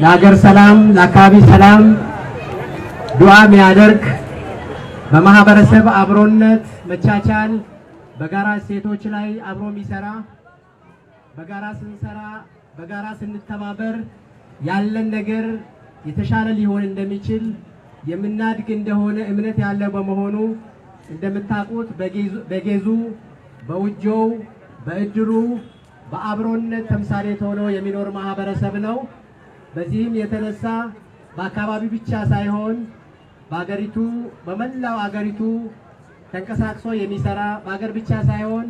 ለሀገር ሰላም፣ ለአካባቢ ሰላም ዱዓ የሚያደርግ በማህበረሰብ አብሮነት፣ መቻቻል፣ በጋራ ሴቶች ላይ አብሮ የሚሰራ በጋራ ስንሰራ፣ በጋራ ስንተባበር ያለን ነገር የተሻለ ሊሆን እንደሚችል የምናድግ እንደሆነ እምነት ያለ በመሆኑ እንደምታውቁት በጌዙ በውጆው በእድሩ በአብሮነት ተምሳሌት ሆኖ የሚኖር ማህበረሰብ ነው። በዚህም የተነሳ በአካባቢ ብቻ ሳይሆን በአገሪቱ በመላው አገሪቱ ተንቀሳቅሶ የሚሰራ በአገር ብቻ ሳይሆን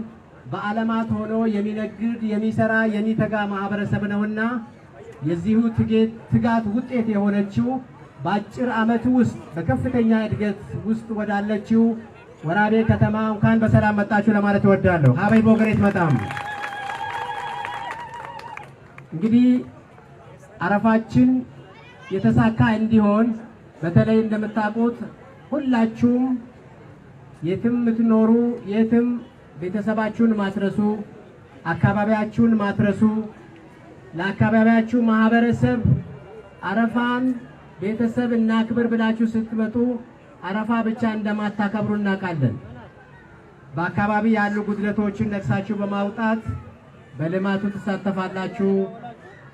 በዓለማት ሆኖ የሚነግድ የሚሰራ የሚተጋ ማህበረሰብ ነውና የዚሁ ትጋት ውጤት የሆነችው በአጭር ዓመት ውስጥ በከፍተኛ እድገት ውስጥ ወዳለችው ወራቤ ከተማ እንኳን በሰላም መጣችሁ ለማለት እወዳለሁ። ሀበይ ቦገሬት መጣም እንግዲህ አረፋችን የተሳካ እንዲሆን በተለይ እንደምታውቁት ሁላችሁም የትም የምትኖሩ የትም ቤተሰባችሁን ማትረሱ፣ አካባቢያችሁን ማትረሱ፣ ለአካባቢያችሁ ማህበረሰብ አረፋን ቤተሰብ እናክብር ብላችሁ ስትመጡ አረፋ ብቻ እንደማታከብሩ እናውቃለን። በአካባቢ ያሉ ጉድለቶችን ነቅሳችሁ በማውጣት በልማቱ ትሳተፋላችሁ።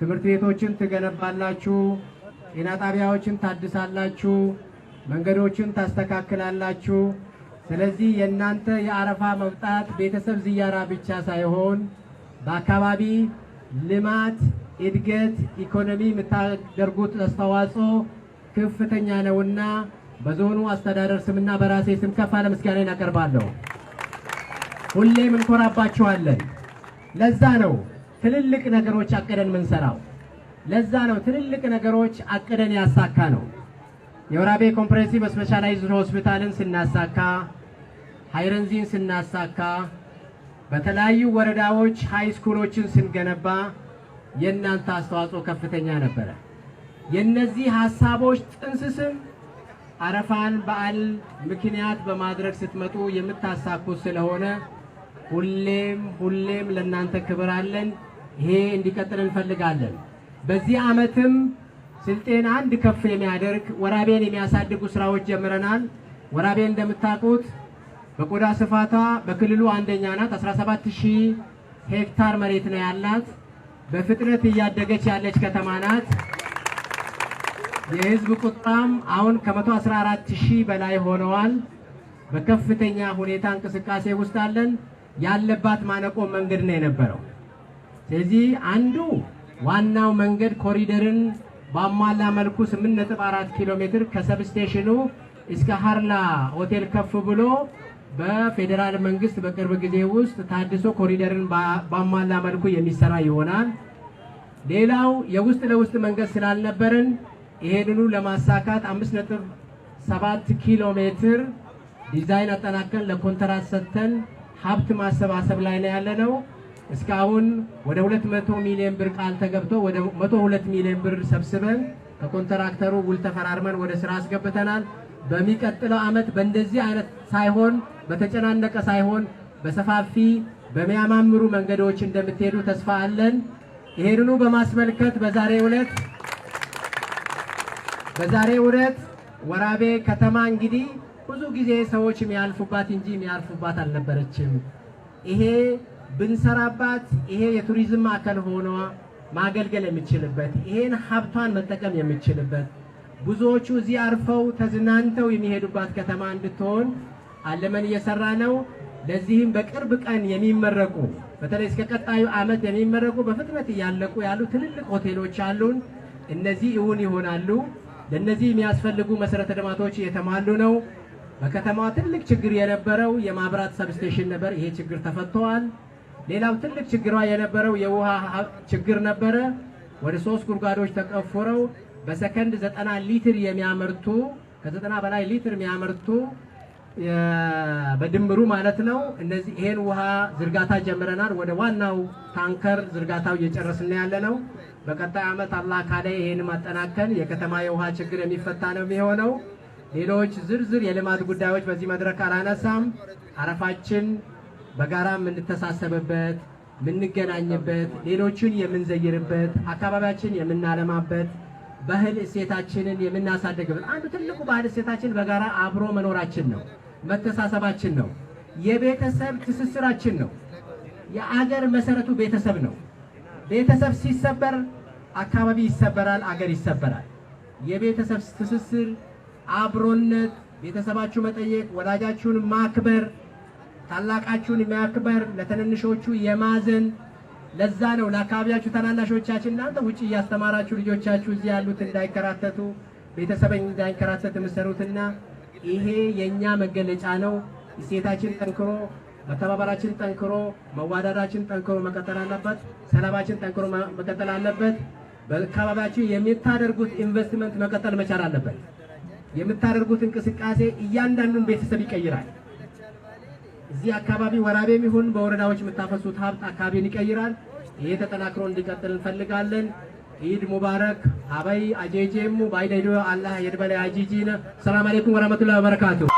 ትምህርት ቤቶችን ትገነባላችሁ፣ ጤና ጣቢያዎችን ታድሳላችሁ፣ መንገዶችን ታስተካክላላችሁ። ስለዚህ የእናንተ የአረፋ መምጣት ቤተሰብ ዝያራ ብቻ ሳይሆን በአካባቢ ልማት፣ እድገት፣ ኢኮኖሚ የምታደርጉት አስተዋጽኦ ከፍተኛ ነውና በዞኑ አስተዳደር ስምና በራሴ ስም ከፍ ያለ ምስጋና አቀርባለሁ። ሁሌም እንኮራባችኋለን። ለዛ ነው ትልልቅ ነገሮች አቅደን የምንሰራው። ለዛ ነው ትልልቅ ነገሮች አቅደን ያሳካ ነው። የወራቤ ኮምፕሬሄንሲቭ ስፔሻላይዝድ ሆስፒታልን ስናሳካ፣ ሃይረንዚን ስናሳካ፣ በተለያዩ ወረዳዎች ሃይ ስኩሎችን ስንገነባ የእናንተ አስተዋጽኦ ከፍተኛ ነበረ። የነዚህ ሀሳቦች ጥንስስም አረፋን በዓል ምክንያት በማድረግ ስትመጡ የምታሳኩት ስለሆነ ሁሌም ሁሌም ለእናንተ ክብር አለን። ይሄ እንዲቀጥል እንፈልጋለን። በዚህ ዓመትም ስልጤን አንድ ከፍ የሚያደርግ ወራቤን የሚያሳድጉ ስራዎች ጀምረናል። ወራቤ እንደምታውቁት በቆዳ ስፋቷ በክልሉ አንደኛ ናት። 17000 ሄክታር መሬት ነው ያላት። በፍጥነት እያደገች ያለች ከተማ ናት። የህዝብ ቁጣም አሁን ከ114000 በላይ ሆነዋል። በከፍተኛ ሁኔታ እንቅስቃሴ ውስጥ አለን። ያለባት ማነቆ መንገድ ነው የነበረው። ስለዚህ አንዱ ዋናው መንገድ ኮሪደርን ባሟላ መልኩ 8.4 ኪሎ ሜትር ከሰብስቴሽኑ እስከ ሀርላ ሆቴል ከፍ ብሎ በፌዴራል መንግስት በቅርብ ጊዜ ውስጥ ታድሶ ኮሪደርን ባሟላ መልኩ የሚሰራ ይሆናል። ሌላው የውስጥ ለውስጥ መንገድ ስላልነበረን ይሄንኑ ለማሳካት 5.7 ኪሎ ሜትር ዲዛይን አጠናቀን ለኮንትራት ሰጥተን ሀብት ማሰባሰብ ላይ ነው ነው። እስካሁን ወደ 200 ሚሊዮን ብር ቃል ተገብቶ ወደ 102 ሚሊዮን ብር ሰብስበን ከኮንትራክተሩ ውል ተፈራርመን ወደ ስራ አስገብተናል። በሚቀጥለው አመት በእንደዚህ አይነት ሳይሆን በተጨናነቀ ሳይሆን በሰፋፊ በሚያማምሩ መንገዶች እንደምትሄዱ ተስፋ አለን። ይሄንኑ በማስመልከት በዛሬው ዕለት በዛሬው ዕለት ወራቤ ከተማ እንግዲህ ብዙ ጊዜ ሰዎች የሚያልፉባት እንጂ የሚያርፉባት አልነበረችም። ይሄ ብንሰራባት ይሄ የቱሪዝም ማዕከል ሆኖ ማገልገል የሚችልበት ይሄን ሀብቷን መጠቀም የሚችልበት ብዙዎቹ እዚህ አርፈው ተዝናንተው የሚሄዱባት ከተማ እንድትሆን አለመን እየሰራ ነው። ለዚህም በቅርብ ቀን የሚመረቁ በተለይ እስከ ቀጣዩ ዓመት የሚመረቁ በፍጥነት እያለቁ ያሉ ትልልቅ ሆቴሎች አሉን። እነዚህ እውን ይሆናሉ። ለእነዚህ የሚያስፈልጉ መሰረተ ልማቶች እየተሟሉ ነው። በከተማዋ ትልቅ ችግር የነበረው የማብራት ሰብስቴሽን ነበር። ይሄ ችግር ተፈቷል። ሌላው ትልቅ ችግሯ የነበረው የውሃ ችግር ነበረ። ወደ ሶስት ጉድጓዶች ተቆፍረው በሰከንድ ዘጠና ሊትር የሚያመርቱ ከዘጠና በላይ ሊትር የሚያመርቱ በድምሩ ማለት ነው። እነዚህ ይሄን ውሃ ዝርጋታ ጀምረናል። ወደ ዋናው ታንከር ዝርጋታው እየጨረስን ያለ ነው። በቀጣይ ዓመት አላህ ካለ ይሄን ማጠናከን የከተማ የውሃ ችግር የሚፈታ ነው የሚሆነው። ሌሎች ዝርዝር የልማት ጉዳዮች በዚህ መድረክ አላነሳም። አረፋችን በጋራ የምንተሳሰብበት፣ የምንገናኝበት፣ ሌሎችን የምንዘይርበት፣ አካባቢያችን የምናለማበት፣ ባህል እሴታችንን የምናሳደግበት አንዱ ትልቁ ባህል እሴታችን በጋራ አብሮ መኖራችን ነው፣ መተሳሰባችን ነው፣ የቤተሰብ ትስስራችን ነው። የአገር መሰረቱ ቤተሰብ ነው። ቤተሰብ ሲሰበር አካባቢ ይሰበራል፣ አገር ይሰበራል። የቤተሰብ ትስስር አብሮነት፣ ቤተሰባችሁ መጠየቅ፣ ወላጃችሁን ማክበር፣ ታላቃችሁን ማክበር፣ ለትንንሾቹ የማዘን ለዛ ነው ለአካባቢያችሁ ተናናሾቻችን እናንተ ውጭ እያስተማራችሁ ልጆቻችሁ እዚህ ያሉት እንዳይከራተቱ ቤተሰበኝ እንዳይከራተት የምሰሩትና ይሄ የእኛ መገለጫ ነው። እሴታችን ጠንክሮ መተባበራችን ጠንክሮ መዋዳዳችን ጠንክሮ መቀጠል አለበት። ሰላማችን ጠንክሮ መቀጠል አለበት። በአካባቢያችሁ የምታደርጉት ኢንቨስትመንት መቀጠል መቻል አለበት። የምታደርጉት እንቅስቃሴ እያንዳንዱን ቤተሰብ ይቀይራል። እዚህ አካባቢ ወራቤም ይሁን በወረዳዎች የምታፈሱት ሀብት አካባቢን ይቀይራል። ይህ ተጠናክሮ እንዲቀጥል እንፈልጋለን። ኢድ ሙባረክ አበይ አጄጄሙ ባይደዶ አላህ የድበላይ አጂጂነ ሰላም አለይኩም ወረመቱላ ወበረካቱ